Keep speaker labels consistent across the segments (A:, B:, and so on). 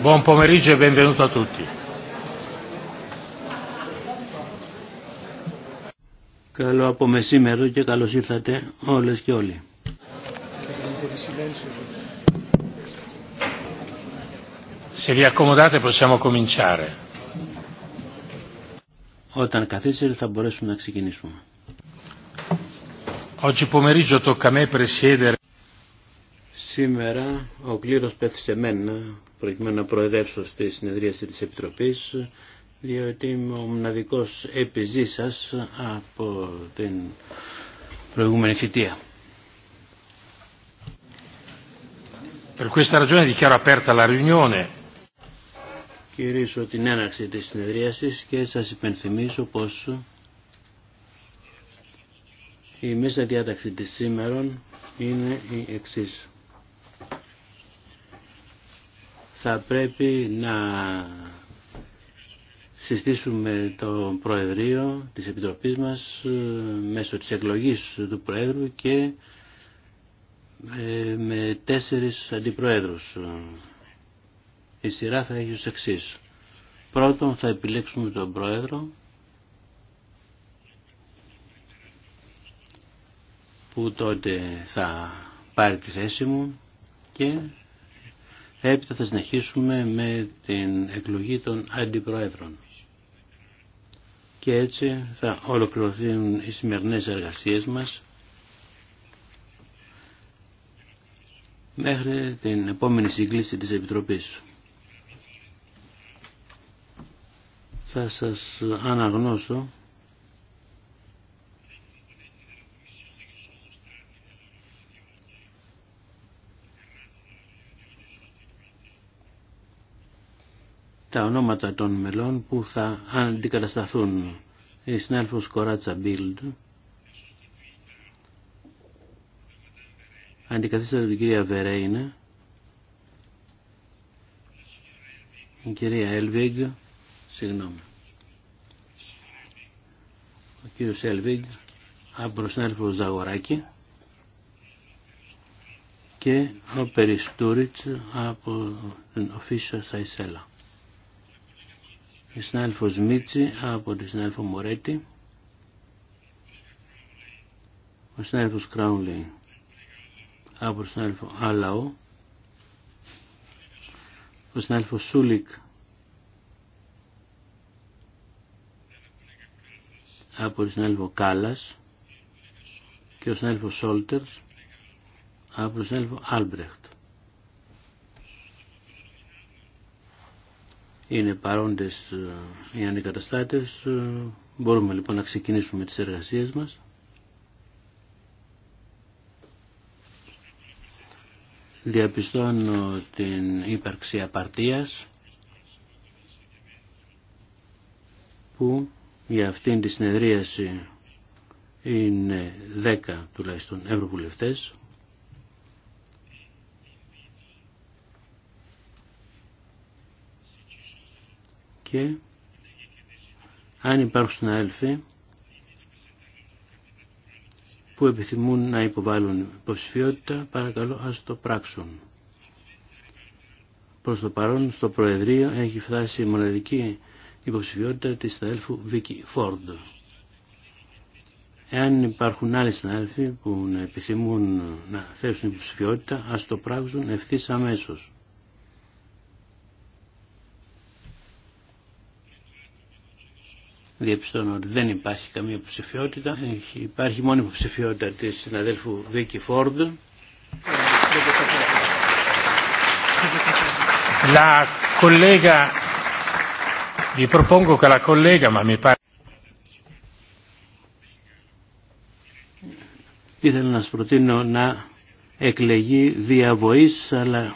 A: Buon pomeriggio e benvenuto a tutti. Καλό από μεσήμερο και καλώ ήρθατε όλε και όλοι. Se vi accomodate possiamo cominciare. Όταν καθίσετε θα μπορέσουμε να ξεκινήσουμε. Oggi pomeriggio tocca a me presiedere. Σήμερα ο κλήρος πέθησε μένα προκειμένου να προεδρεύσω στη συνεδρίαση της Επιτροπής διότι είμαι ο μοναδικός επιζήσας από την προηγούμενη θητεία. Κυρίσω την έναρξη της συνεδρίασης και σας υπενθυμίσω πως η μέσα διάταξη της σήμερα είναι η εξής. θα πρέπει να συστήσουμε το Προεδρείο της Επιτροπής μας ε, μέσω της εκλογής του Προέδρου και ε, με τέσσερις αντιπροέδρους. Η σειρά θα έχει ως εξής. Πρώτον θα επιλέξουμε τον Πρόεδρο που τότε θα πάρει τη θέση μου και Έπειτα θα συνεχίσουμε με την εκλογή των αντιπροέδρων. Και έτσι θα ολοκληρωθούν οι σημερινές εργασίες μας μέχρι την επόμενη σύγκληση της Επιτροπής. Θα σας αναγνώσω τα ονόματα των μελών που θα αντικατασταθούν. Η συνάδελφος Κοράτσα Μπίλντ αντικαθίσταται την κυρία Βερέινα, η κυρία Έλβιγκ, συγγνώμη. Ο κύριος Έλβιγκ από τον Ζαγοράκη και ο Περιστούριτς από την Οφίσια Σαϊσέλα. Ο συνάδελφος Μίτσι από τον συνάδελφο Μωρέτη ο συνάδελφος Κραούνλι από τον συνάδελφο Άλαο ο συνάδελφος Σούλικ από τον συνάδελφο Κάλλας και ο συνάδελφος Σόλτερς από τον συνάδελφο Άλμπρεχτ είναι παρόντες ε, οι ανεκαταστάτες. Ε, μπορούμε λοιπόν να ξεκινήσουμε τις εργασίες μας. Διαπιστώνω την ύπαρξη απαρτίας που για αυτήν τη συνεδρίαση είναι 10 τουλάχιστον ευρωβουλευτές και αν υπάρχουν συνάδελφοι που επιθυμούν να υποβάλουν υποψηφιότητα, παρακαλώ ας το πράξουν. Προς το παρόν στο Προεδρείο έχει φτάσει η μοναδική υποψηφιότητα της συναδέλφου Βίκη Φόρντ. Εάν υπάρχουν άλλοι συνάδελφοι που να επιθυμούν να θέσουν υποψηφιότητα, ας το πράξουν ευθύς αμέσως. διαπιστώνω ότι δεν υπάρχει καμία υποψηφιότητα. Υπάρχει μόνο υποψηφιότητα της συναδέλφου Βίκη Φόρντ. La collega, vi propongo che la collega, Ήθελα να σας προτείνω να εκλεγεί διαβοής, αλλά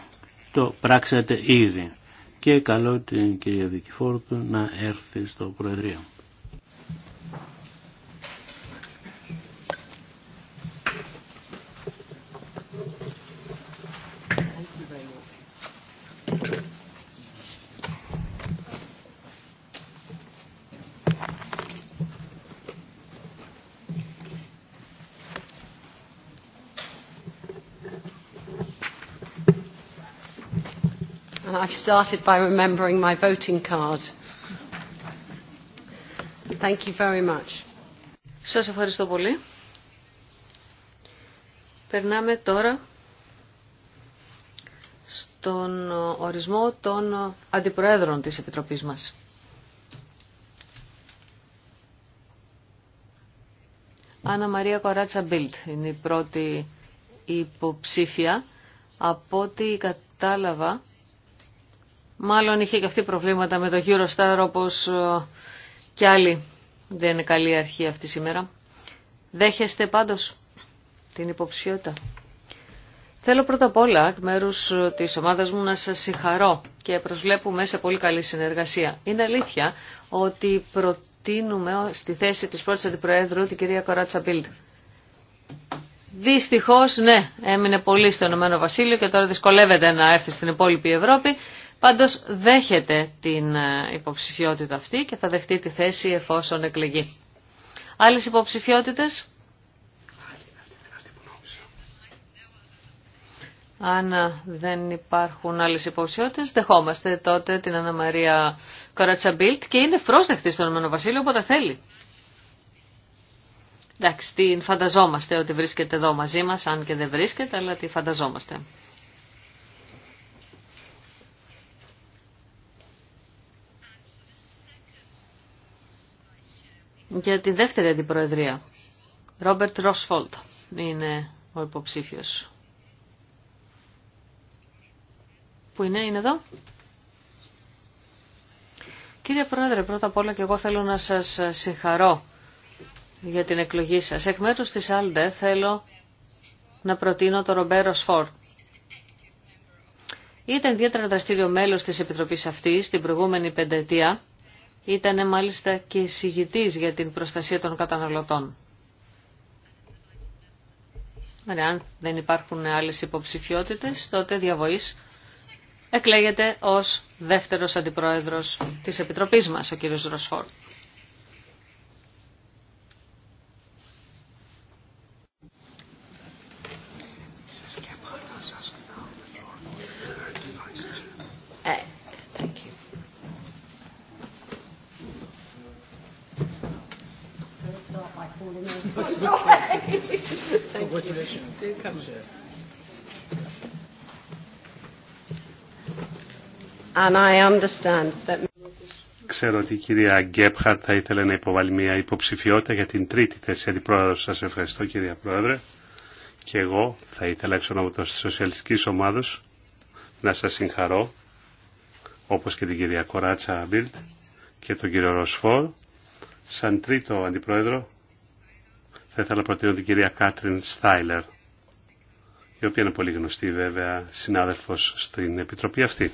A: το πράξατε ήδη. Και καλώ την κυρία Φόρντ να έρθει στο Προεδρείο.
B: I've started by remembering my voting card. Thank you very much. Σας ευχαριστώ πολύ. Περνάμε τώρα στον ορισμό των αντιπροέδρων της Επιτροπής μας. Άννα Μαρία Κοράτσα Μπίλτ είναι η πρώτη υποψήφια. Από ό,τι κατάλαβα, Μάλλον είχε και αυτή προβλήματα με το Eurostar όπως ε, και άλλοι. Δεν είναι καλή αρχή αυτή σήμερα. Δέχεστε πάντως την υποψηφιότητα. Θέλω πρώτα απ' όλα εκ μέρου ε, τη ομάδα μου να σα συγχαρώ και προσβλέπουμε σε πολύ καλή συνεργασία. Είναι αλήθεια ότι προτείνουμε ε, στη θέση τη πρώτη αντιπροέδρου την κυρία Κοράτσα Μπίλτ. Δυστυχώ, ναι, έμεινε πολύ στο Ηνωμένο Βασίλειο και τώρα δυσκολεύεται να έρθει στην υπόλοιπη Ευρώπη Πάντως δέχεται την ε, υποψηφιότητα αυτή και θα δεχτεί τη θέση εφόσον εκλεγεί. Άλλες υποψηφιότητες. Αν ε, δεν υπάρχουν άλλες υποψηφιότητες, δεχόμαστε τότε την αναμαρια Μαρία Κορατσαμπίλτ και είναι πρόσδεκτη στον Ηνωμένο Βασίλειο όποτε θέλει. Εντάξει, την φανταζόμαστε ότι βρίσκεται εδώ μαζί μα αν και δεν βρίσκεται, αλλά τη φανταζόμαστε. για τη δεύτερη αντιπροεδρία. Ρόμπερτ Ρόσφολτ είναι ο υποψήφιος. Πού είναι, είναι εδώ. Κύριε Πρόεδρε, πρώτα απ' όλα και εγώ θέλω να σας συγχαρώ για την εκλογή σας. Εκ μέρους της Άλντε θέλω να προτείνω τον Ρομπέρο Σφόρ. Ήταν ιδιαίτερα δραστήριο μέλος της Επιτροπής αυτής την προηγούμενη πενταετία ήταν μάλιστα και συγητής για την προστασία των καταναλωτών. Αν δεν υπάρχουν άλλες υποψηφιότητες, τότε διαβοής εκλέγεται ως δεύτερος αντιπρόεδρος της Επιτροπής μας, ο κύριος Ροσφόρτ.
C: Ξέρω ότι η κυρία Γκέπχαρτ θα ήθελε να υποβάλει μια υποψηφιότητα για την τρίτη θέση αντιπρόεδρο. σα ευχαριστώ κυρία Πρόεδρε. Και εγώ θα ήθελα εξ από τη σοσιαλιστική ομάδα να σα συγχαρώ, όπω και την κυρία Κοράτσα Μπίλτ και τον κύριο Ροσφόρ, σαν τρίτο αντιπρόεδρο θα ήθελα να προτείνω την κυρία Κάτριν Στάιλερ, η οποία είναι πολύ γνωστή βέβαια συνάδελφος στην Επιτροπή αυτή.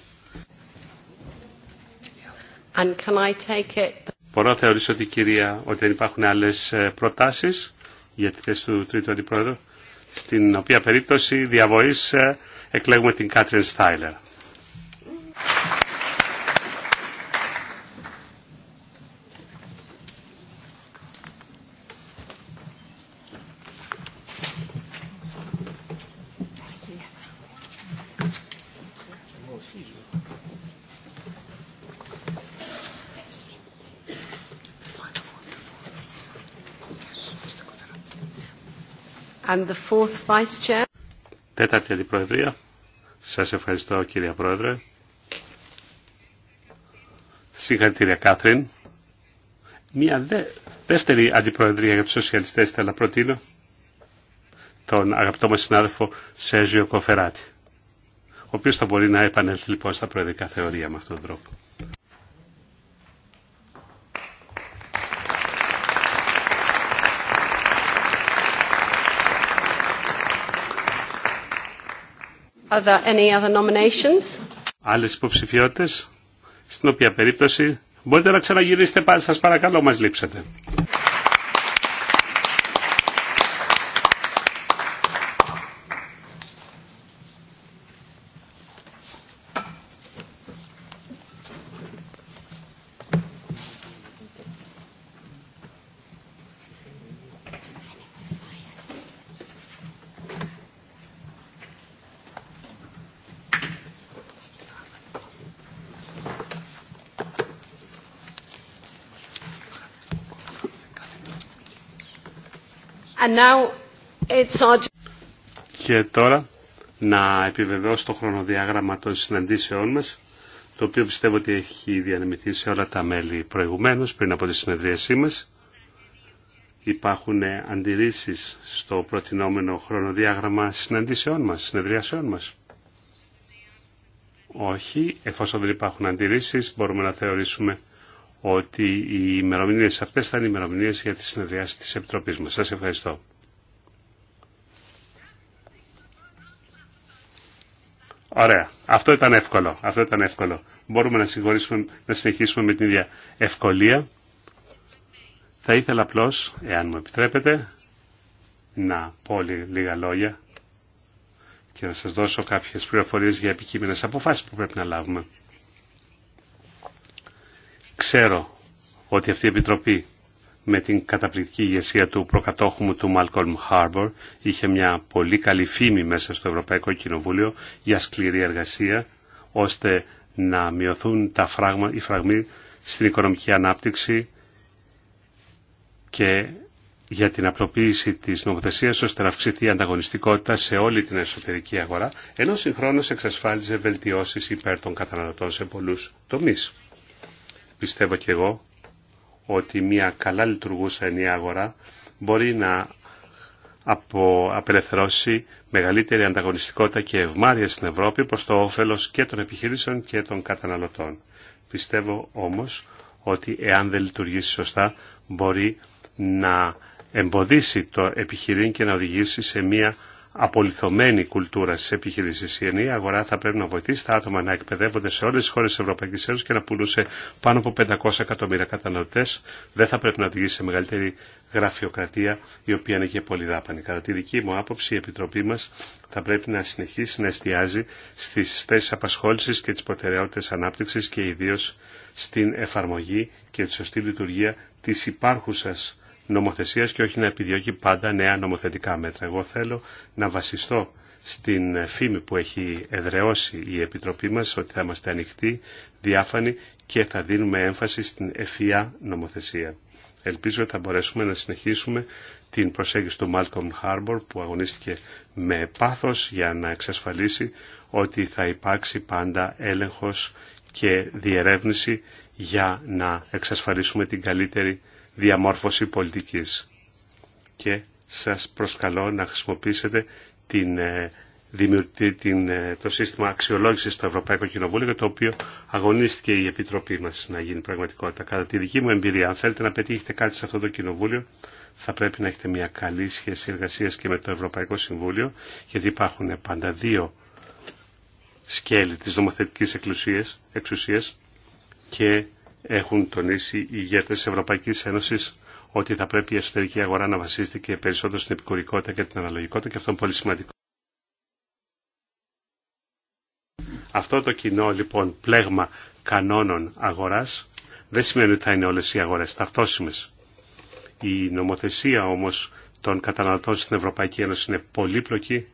B: can I take it...
C: Μπορώ να θεωρήσω ότι, κυρία, ότι δεν υπάρχουν άλλες ε, προτάσεις για τη θέση του τρίτου αντιπρόεδρου, στην οποία περίπτωση διαβοής ε, εκλέγουμε την Κάτριν Στάιλερ.
B: And the fourth vice
C: Τέταρτη αντιπροεδρία. Σας ευχαριστώ κύριε Πρόεδρε. Συγχαρητήρια Κάθριν. Μια δε, δεύτερη αντιπροεδρία για τους σοσιαλιστές θέλω να προτείνω. Τον αγαπητό μας συνάδελφο Σέζιο Κοφεράτη. Ο οποίος θα μπορεί να επανέλθει λοιπόν στα προεδρικά θεωρία με αυτόν τον τρόπο.
B: Are there any other nominations?
C: Άλλες υποψηφιότητες, στην οποία περίπτωση μπορείτε να ξαναγυρίσετε πάλι σας παρακαλώ, μας λείψατε. Και τώρα να επιβεβαιώσω το χρονοδιάγραμμα των συναντήσεών μας, το οποίο πιστεύω ότι έχει διανεμηθεί σε όλα τα μέλη προηγουμένως πριν από τη συνεδρίασή μας. Υπάρχουν ε, αντιρρήσεις στο προτινόμενο χρονοδιάγραμμα συναντήσεών μας, συνεδριασεών μας. Όχι, εφόσον δεν υπάρχουν αντιρρήσεις μπορούμε να θεωρήσουμε ότι οι ημερομηνίε αυτές θα είναι οι ημερομηνίε για τη συνεδριάση της Επιτροπής μας. Σας ευχαριστώ. Ωραία. Αυτό ήταν εύκολο. Αυτό ήταν εύκολο. Μπορούμε να, συγχωρήσουμε, να συνεχίσουμε με την ίδια ευκολία. Θα ήθελα απλώ, εάν μου επιτρέπετε, να πω λίγα λόγια και να σας δώσω κάποιες πληροφορίες για επικείμενες αποφάσεις που πρέπει να λάβουμε. Ξέρω ότι αυτή η Επιτροπή με την καταπληκτική ηγεσία του προκατόχου μου του Μάλκολμ Χάρμπορ είχε μια πολύ καλή φήμη μέσα στο Ευρωπαϊκό Κοινοβούλιο για σκληρή εργασία ώστε να μειωθούν τα φράγμα, οι φραγμοί στην οικονομική ανάπτυξη και για την απλοποίηση της νομοθεσίας ώστε να αυξηθεί η ανταγωνιστικότητα σε όλη την εσωτερική αγορά, ενώ συγχρόνως εξασφάλιζε βελτιώσεις υπέρ των καταναλωτών σε πολλούς τομείς πιστεύω και εγώ ότι μια καλά λειτουργούσα ενιαία αγορά μπορεί να απο, απελευθερώσει μεγαλύτερη ανταγωνιστικότητα και ευμάρεια στην Ευρώπη προς το όφελος και των επιχειρήσεων και των καταναλωτών. Πιστεύω όμως ότι εάν δεν λειτουργήσει σωστά μπορεί να εμποδίσει το επιχειρήν και να οδηγήσει σε μια απολυθωμένη κουλτούρα στι επιχειρήσει. Η ενή αγορά θα πρέπει να βοηθήσει τα άτομα να εκπαιδεύονται σε όλε τι χώρε τη Ευρωπαϊκή Ένωση και να πουλούσε πάνω από 500 εκατομμύρια καταναλωτέ. Δεν θα πρέπει να οδηγήσει σε μεγαλύτερη γραφειοκρατία, η οποία είναι και πολύ δάπανη. Κατά τη δική μου άποψη, η Επιτροπή μα θα πρέπει να συνεχίσει να εστιάζει στι θέσει απασχόληση και τι προτεραιότητε ανάπτυξη και ιδίω στην εφαρμογή και τη σωστή λειτουργία τη υπάρχουσα νομοθεσίας και όχι να επιδιώκει πάντα νέα νομοθετικά μέτρα. Εγώ θέλω να βασιστώ στην φήμη που έχει εδραιώσει η Επιτροπή μας ότι θα είμαστε ανοιχτοί, διάφανοι και θα δίνουμε έμφαση στην ευφυά νομοθεσία. Ελπίζω ότι θα μπορέσουμε να συνεχίσουμε την προσέγγιση του Malcolm Harbour που αγωνίστηκε με πάθος για να εξασφαλίσει ότι θα υπάρξει πάντα έλεγχος και διερεύνηση για να εξασφαλίσουμε την καλύτερη διαμόρφωση πολιτικής. Και σας προσκαλώ να χρησιμοποιήσετε την, ε, την, ε, το σύστημα αξιολόγησης του Ευρωπαϊκό Κοινοβούλιο για το οποίο αγωνίστηκε η Επιτροπή μας να γίνει πραγματικότητα. Κατά τη δική μου εμπειρία, αν θέλετε να πετύχετε κάτι σε αυτό το Κοινοβούλιο, θα πρέπει να έχετε μια καλή σχέση εργασίας και με το Ευρωπαϊκό Συμβούλιο, γιατί υπάρχουν πάντα δύο σκέλη της νομοθετικής εξουσίας και έχουν τονίσει οι ηγέτε τη Ευρωπαϊκή Ένωση ότι θα πρέπει η εσωτερική αγορά να βασίζεται περισσότερο στην επικουρικότητα και την αναλογικότητα και αυτό είναι πολύ σημαντικό. Αυτό το κοινό λοιπόν πλέγμα κανόνων αγοράς δεν σημαίνει ότι θα είναι όλες οι αγορές ταυτόσιμες. Η νομοθεσία όμως των καταναλωτών στην Ευρωπαϊκή Ένωση είναι πολύπλοκη.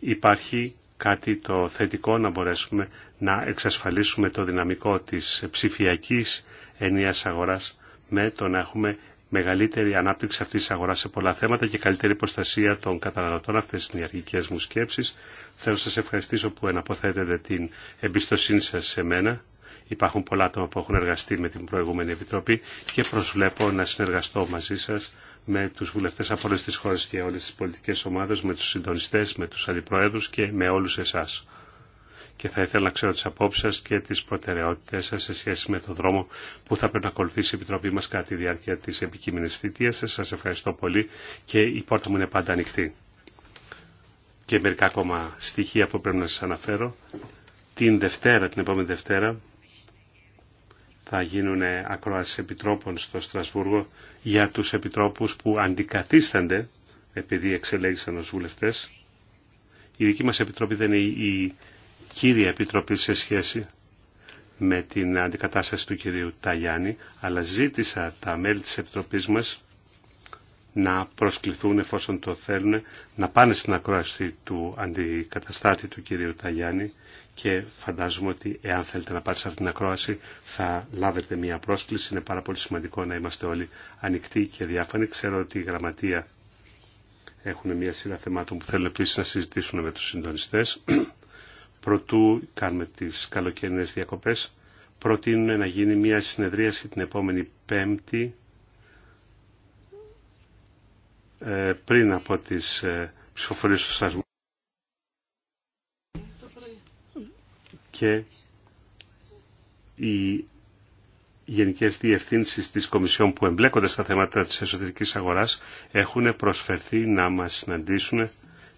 C: Υπάρχει κάτι το θετικό να μπορέσουμε να εξασφαλίσουμε το δυναμικό της ψηφιακής ενίας αγοράς με το να έχουμε μεγαλύτερη ανάπτυξη αυτής της αγοράς σε πολλά θέματα και καλύτερη προστασία των καταναλωτών. Αυτές είναι οι αρχικές μου σκέψεις. Θέλω να σας ευχαριστήσω που εναποθέτετε την εμπιστοσύνη σας σε μένα Υπάρχουν πολλά άτομα που έχουν εργαστεί με την προηγούμενη Επιτροπή και προσβλέπω να συνεργαστώ μαζί σας με τους βουλευτές από όλες τις χώρες και όλες τις πολιτικές ομάδες, με τους συντονιστές, με τους αντιπροέδρους και με όλους εσάς. Και θα ήθελα να ξέρω τις απόψεις σας και τις προτεραιότητες σας σε σχέση με τον δρόμο που θα πρέπει να ακολουθήσει η Επιτροπή μας κατά τη διάρκεια της επικείμενης θητείας σας. Σας ευχαριστώ πολύ και η πόρτα μου είναι πάντα ανοιχτή. Και μερικά ακόμα στοιχεία που πρέπει να σας αναφέρω. Την Δευτέρα, την επόμενη Δευτέρα, θα γίνουν ακροάσεις επιτρόπων στο Στρασβούργο για τους επιτρόπους που αντικαθίστανται επειδή εξελέγησαν ως βουλευτές. Η δική μας επιτροπή δεν είναι η κύρια επιτροπή σε σχέση με την αντικατάσταση του κυρίου Ταγιάννη, αλλά ζήτησα τα μέλη της επιτροπής μας να προσκληθούν εφόσον το θέλουν να πάνε στην ακρόαση του αντικαταστάτη του κυρίου Ταγιάννη και φαντάζομαι ότι εάν θέλετε να πάτε σε αυτήν την ακρόαση θα λάβετε μια πρόσκληση. Είναι πάρα πολύ σημαντικό να είμαστε όλοι ανοιχτοί και διάφανοι. Ξέρω ότι η γραμματεία έχουν μια σειρά θεμάτων που θέλουν επίση να συζητήσουν με τους συντονιστές. Προτού κάνουμε τις καλοκαιρινές διακοπές, προτείνουν να γίνει μια συνεδρίαση την επόμενη Πέμπτη ε, πριν από τις ε, ψηφοφορίες του Σασμού Και οι γενικές διευθύνσεις της Κομισιόν που εμπλέκονται στα θέματα της εσωτερικής αγοράς έχουν προσφερθεί να μας συναντήσουν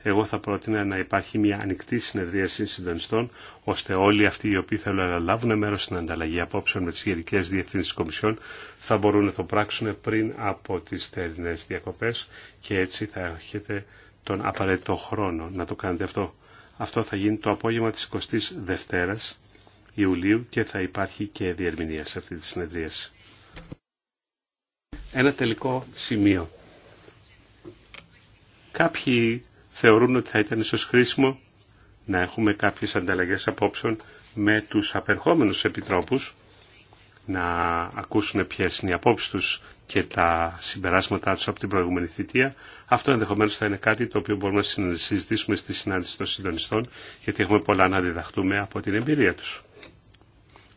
C: εγώ θα πρότεινα να υπάρχει μια ανοιχτή συνεδρίαση συντονιστών, ώστε όλοι αυτοί οι οποίοι θέλουν να λάβουν μέρο στην ανταλλαγή απόψεων με τι γενικέ διευθύνσει Κομισιόν θα μπορούν να το πράξουν πριν από τι θερινέ διακοπέ και έτσι θα έχετε τον απαραίτητο χρόνο να το κάνετε αυτό. Αυτό θα γίνει το απόγευμα τη 22η Ιουλίου και θα υπάρχει και διερμηνία σε αυτή τη συνεδρίαση. Ένα τελικό σημείο. Κάποιοι θεωρούν ότι θα ήταν ίσως χρήσιμο να έχουμε κάποιες ανταλλαγές απόψεων με τους απερχόμενους επιτρόπους, να ακούσουν ποιες είναι οι απόψεις τους και τα συμπεράσματά τους από την προηγούμενη θητεία. Αυτό ενδεχομένως θα είναι κάτι το οποίο μπορούμε να συζητήσουμε στη συνάντηση των συντονιστών, γιατί έχουμε πολλά να διδαχτούμε από την εμπειρία τους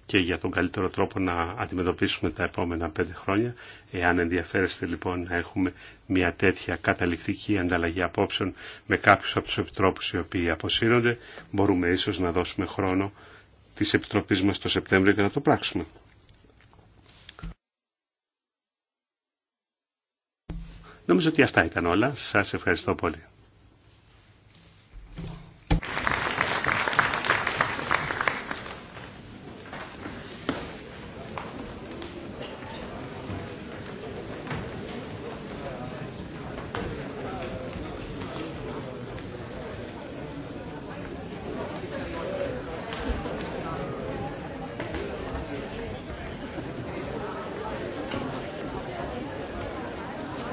C: και για τον καλύτερο τρόπο να αντιμετωπίσουμε τα επόμενα πέντε χρόνια. Εάν ενδιαφέρεστε λοιπόν να έχουμε μια τέτοια καταληκτική ανταλλαγή απόψεων με κάποιους από τους επιτρόπους οι οποίοι αποσύρονται, μπορούμε ίσως να δώσουμε χρόνο της Επιτροπής μας το Σεπτέμβριο και να το πράξουμε. Νομίζω ότι αυτά ήταν όλα. Σας ευχαριστώ πολύ.